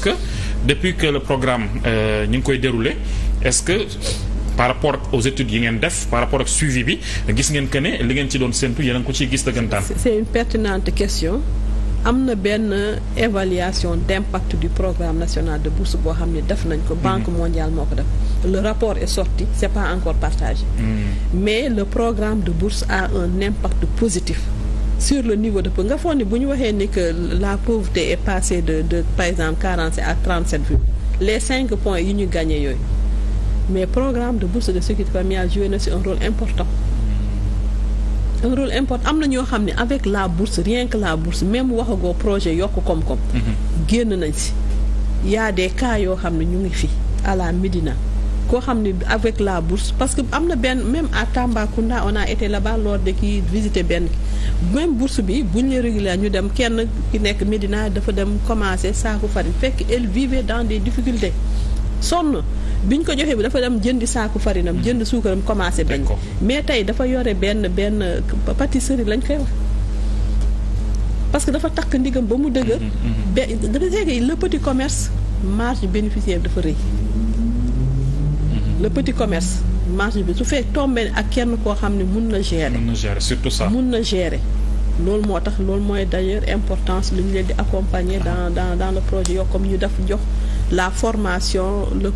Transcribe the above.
que depuis que le programme euh, ñu ngi koy déroulé est-ce que par rapport aux études yi ngeen def par rapport ak suivi bi gis ngeen que ne li ngeen ci doon séntu yéen a ngi ko ciy gis dëggantaan. c'est une am na benn évaluation d'impact du programme national de bourse boo xam ne def nañ ko mm-hmm. banque mondiale moo ko def le rapport est sorti c'est pas encore partagé mm. mais le programme de bourse a un impact positif sur le niveau de nga foog ni bu ñu waxee ni que la pauvreté est passée de de par exemple quarante sept à trente sept virgule cinq points yi ñu gagné yooyu mais programme de bourse de sécurité familiale joué na si un rôle important un rôle important am na ñoo xam ne avec la bourse rien la bourse même waxagoo projet yokk koom-koom. Mhm. génn nañ si y a des cas yoo xam ne ñu ngi fii à la Médina koo xam ne avec la bourse parce que am na benn même à Tambacounda on a été là-bas lors de kii visiter benn même bourse bi buñ ñu la régulier ñu dem kenn ki nekk Médina dafa dem commencer saaku farine fekk elle vivait dans des difficultés sonn biñ ko joxee bi dafa dem jënd saaku farinam hmm. jënd suukaram commencé bañ mais tey dafa yore benn benn pâtisserie lañ koy wax parce que dafa takk ndigam ba mu dëgër. Hmm, hmm, ba dafa le petit commerce marge bénéficiaire dafa rëy la petit commerce marché bi su fee fekk tombé ak kenn koo xam ne mun na gérer. mun na gérer surtout ça mun na gérer. loolu moo tax loolu mooy d'ailleurs importance li ñu leen di accompagner dans dans dans le projet yoo comme ñu def jox la formation le